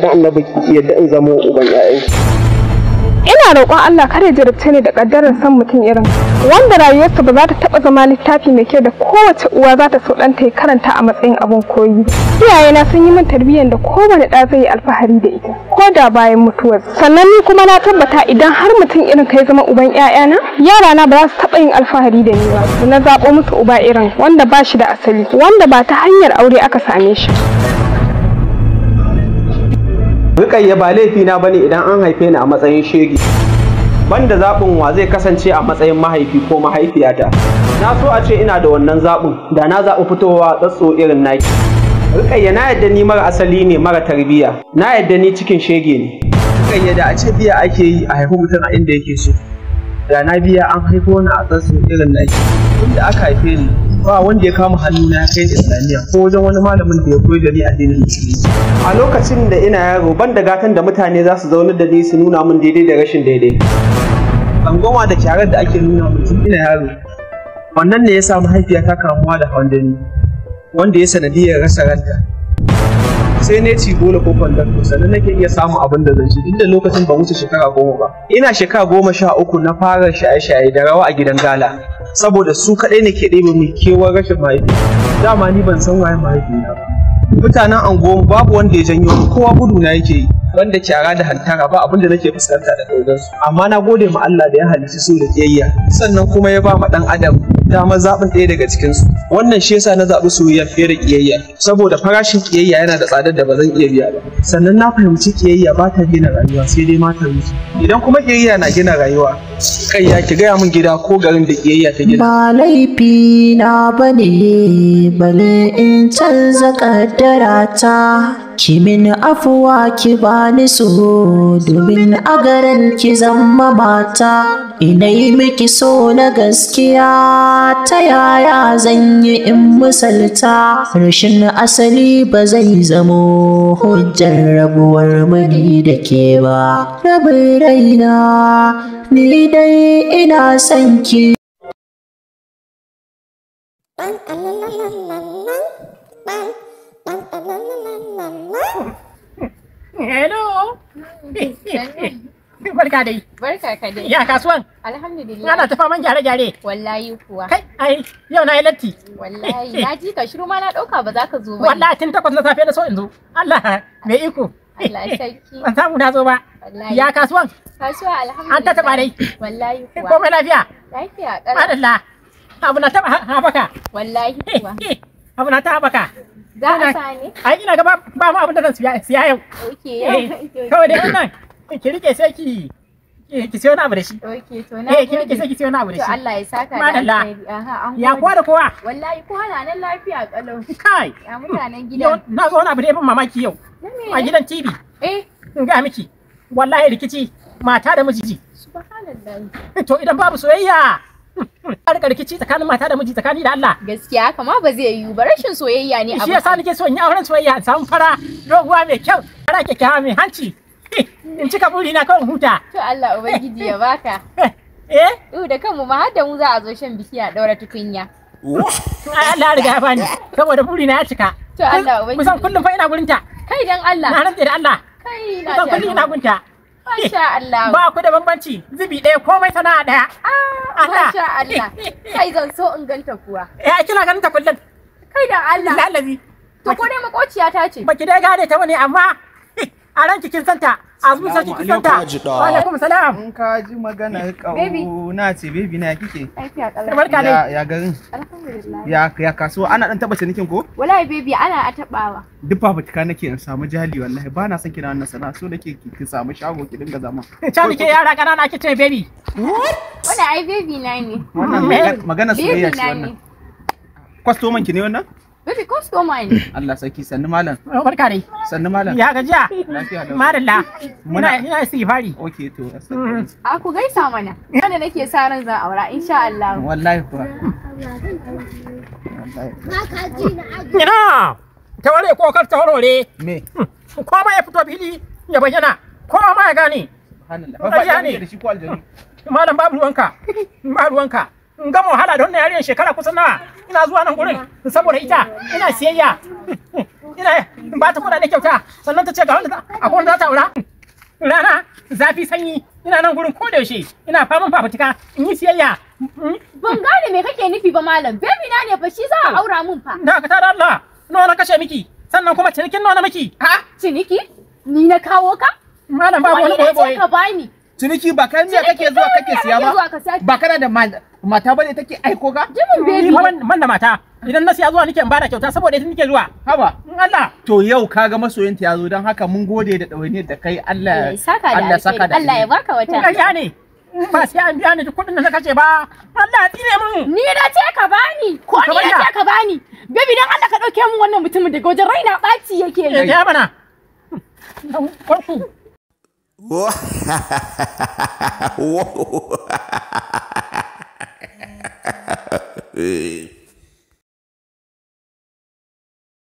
da annabi yadda uban ina roƙon Allah kar ya jarabce ni da ƙaddarar san mutum irin wanda rayuwarsa ba za ta taɓa zama littafi mai kyau da kowace uwa za ta so ɗanta ya karanta a matsayin abin koyi iyayena sun yi min tarbiyyar da kowane ɗa zai yi alfahari da ita ko da bayan mutuwar sannan ni kuma na tabbata idan har mutum irin kai zama uban ƴaƴana na ba za su taɓa yin alfahari da ni ba na zaɓo musu uba irin wanda ba shi da asali wanda ba ta hanyar aure aka same shi Rukayya ba laifina bane idan an haife ni a matsayin shege. Banda zaɓin wa zai kasance a matsayin mahaifi ko mahaifiyata. Na so a ce ina da wannan zaɓin da na zaɓi fitowa tsatso irin naki. Rukayya na yadda ni mara asali ne mara tarbiya. Na yadda ni cikin shege ne. Rukayya da a ce biya ake yi a haifi mutum a inda yake so. Da na biya an haifo ni a tsatso irin naki. Inda aka haife ni ba wanda ya kama hannuna ya kai islamiyya ko wajen wani malamin da ya koyi da ni addinin musulunci a lokacin da ina yaro ban da gatan da mutane za su zaunar da ni su nuna min daidai da rashin daidai tsangwama da kyarar da ake nuna mutum ina yaro wannan ne ya sa mahaifiyata kamuwa da hawan jini wanda ya sanadiyar rasa ranta sai ne ci gona ko kwandon sannan nake iya samun abin da zan ci duk da lokacin ba wuce shekara goma ba ina shekara goma sha uku na fara shaye-shaye da rawa a gidan gala saboda su kaɗai ke ɗebe mai kewar rashin mahaifi dama ni ban san waye mahaifi na ba mutanen anguwan babu wanda ya janyo kowa gudu na yake yi banda kyara da hantara ba abinda nake fuskanta da dogon su amma na gode ma Allah da ya halitta su da kiyayya sannan kuma ya ba ma dan adam dama zaɓin ɗaya daga cikin su wannan shi yasa na zaɓi soyayya fiye da kiyayya saboda farashin kiyayya yana da tsadar da ba zan iya biya ba sannan na fahimci kiyayya ba ta gina rayuwa sai dai matan mutu idan kuma kiyayya na gina rayuwa kai ya ki gaya min gida ko garin da kiyayya ta gina ba laifi na bane bane in canza kaddara ta ki min afuwa ki bani so domin a garin ki zama mata yi miki so na gaskiya ta yaya zan yi in misalta rashin asali ba zai zamo hujjar rabuwar mani da ke ba kaina ni dai ina son ki hello barka dai barka ka dai ya kasuwan alhamdulillah ana ta faman gyare gyare wallahi kuwa kai ai yau na yi latti wallahi na ji ka shiru ma na dauka ba za ka zo ba wallahi tun takwas na safe na so in zo Allah me iko Allah sarki ban samu na zo ba Ya kasuwan? Kasuwa alhamdulillah. An ta taba dai? Wallahi kuwa. ko mai lafiya? Lafiya ƙarar. Madalla. Abu na taɓa haɓaka? Wallahi kuwa. Abu na ta haɓaka? Za a sani Ai ina ga ba mu abin da zan siya yau. Okay eh, yau. Kawai dai wannan eh, ki rike sai ki ki siyo na abu da shi. Ok, to na eh, ki rike sai ki siyo na abu shi. To Allah ya saka da alheri. Aha, Ya kowa da kowa? Wallahi kowa na nan lafiya kalau. Kai. Ya mutanen gidan. Na zo wani abu da ya mamaki yau. A gidan TV. Eh. ga miki. wallahi rikici mata da miji subhanallahi to idan babu soyayya har rikici tsakanin mata da miji tsakani da Allah gaskiya kamar ba zai yiwu ba rashin soyayya ne abu shi yasa nake so in yi auren soyayya in samu fara doguwa mai kyau fara kyakkyawa mai hanci in cika buri na kawai huta to Allah ubangiji ya baka eh da kanmu ma har da mu za a zo shan biki a daura tukunya Allah riga ya bani saboda buri na ya cika to Allah ubangiji kusan kullum fa ina gurin ta kai dan Allah na rantsa da Allah Zan kuɗi gunta. Masha Allah. Ba ku da bambanci zubi ɗaya komai sana'a ɗaya. Ah, Allah. Masha Allah. Kai zan so in ganta kuwa. Ya kina ganin ta Kai da Allah. To ko dai makociya ta ce. Baki dai gane ta ne, amma a ranki kin santa a zuciyar cikin santa wa alaikum salam in ka ji magana na ce baby na kike barka dai ya garin ya ya kasuwa ana dan taba cinikin ko wallahi baby ana a tabawa duk fitika nake in samu jali wallahi ba na son kina wannan sana so nake ki samu shago ki dinga zama can ke yara kanana ake baby wannan ai baby na ne wannan magana soyayya ce wannan kwastoman ki ne wannan Bifi, ko so mine. Eh. Allah sarki sannu malam. Oh, barka dai. Sannu malam. Ya gajiya. Lafiya lau. Madalla. Muna ina istighfari. Okay to. Mm. A ku gaisa mana. Wanda nake sa ran zan aura insha Allah. Wallahi kuwa. Ina. Taware ko kar tawarore. Me? Hmm. Ko ma ya fito fili ya bayyana. Ko ma ya gane. Subhanallah. Ba ya ne. Malam babu ruwanka. Babu ruwanka. In ga wahala da wannan yarinyar shekara kusan nawa. ina zuwa nan gurin saboda ita ina siyayya ina ba ta kuɗaɗe kyauta sannan ta ce ga wanda akwai wanda za ta aura rana zafi sanyi ina nan gurin ko da yaushe ina faman fafutuka in yi siyayya ban gane me kake nufi ba malam baby na ne fa shi za a aura mun fa da ka tada Allah nawa na kashe miki sannan kuma cinikin nawa miki ha ciniki ni na kawo ka malam ba wani boye boye ka ciniki ba kai ne kake zuwa kake siya ba ba kana da malam. mata ba ne take aiko ga jimin bebi man da mata idan na siya zuwa nake in bada kyauta saboda ita nake zuwa haba in Allah to yau kaga masoyinta yazo dan haka mun gode da dawainiyar da kai Allah eh, Allah saka da Allah ya baka wata kai ne ba sai an biya ni kuɗin da na kace ba Allah ya tsire mun ni da ce ka bani ko ni da ce ka bani bebi dan Allah ka dauke mun wannan mutumin daga wajen raina baci yake ne ya bana Whoa! be.